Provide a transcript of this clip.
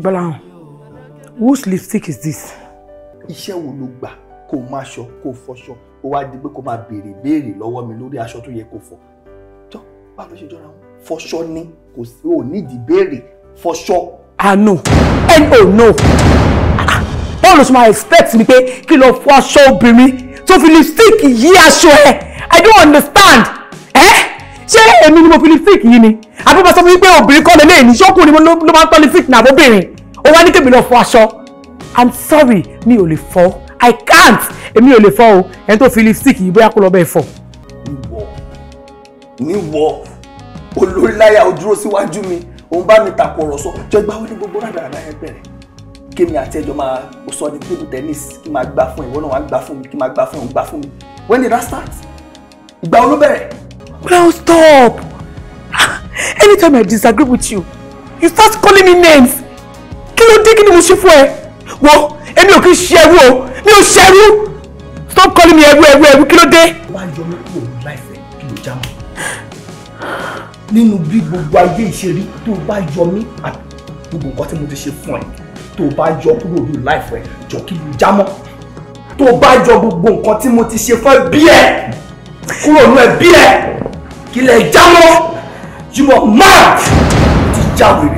Gbọ́láhàn, whose lipstick is this? Iṣẹ́ wo ló gbà kó o máa ṣọ kó o fọṣọ kó o wá di pé kó o máa béèrè béèrè lọ́wọ́ mi lórí aṣọ tó yẹ kó o fọ? Jọ bá ló ṣe jọra wọn. Fọṣọ ni kò sí ò nídìí béèrè fọṣọ. Ah no, no no. Báwo ló ṣe máa expect mi pé kí lọ fọ aṣọ obìnrin tó fi lipstick yí aṣọ ẹ̀? I don't understand èmi ni mo fi lipstick yìí ni àbí mo sọ fún yín pé obìnrin kọ́ lélẹ́yìn ní ṣọ́kùnrin ló máa ń tọ́ lipstick náà àbóbìnrin ó wá ní kébì lọ fọ aṣọ i'm sorry mi ò lè fọ i can't èmi ò lè fọ o ẹni tó fi lipstick yìí bóyá kó lọ bẹ́ẹ̀ fọ. níwọ níwọ olórí láyà ó dúró síwájú mi òun bá mi tàkùrọ̀sọ jẹgbà ó ní gbogbo rádàràdà yẹn bẹ̀rẹ̀ kémi àti ẹjọ́ máa sọ ní table tennis kí máa gbá fún ìwọ náà wàá gbá fún mi kí máa gbá fún òun gbá fún mi when did that start ìgbà wo Clown, stop! Anytime I disagree with you, you start calling me names. Kí ló dé kí ni mo ṣe fún ẹ? Wo, èmi ò kí ṣe ẹrú o, mi Stop calling me everywhere. ẹrú ẹrú, kí ló dé? Wá yọ mí life, ní láìfẹ́ kí ló já mọ́. Nínú bí gbogbo ayé ìṣerí tó bá yọ mí àti gbogbo nǹkan tí mo ti ṣe fún ẹ tó bá yọ kúrò ní láìfẹ́ jọ kí ló já mọ́. Tó bá yọ gbogbo nǹkan tí mo ti ṣe kílẹ̀ jámọ́ you are mad ti jáwé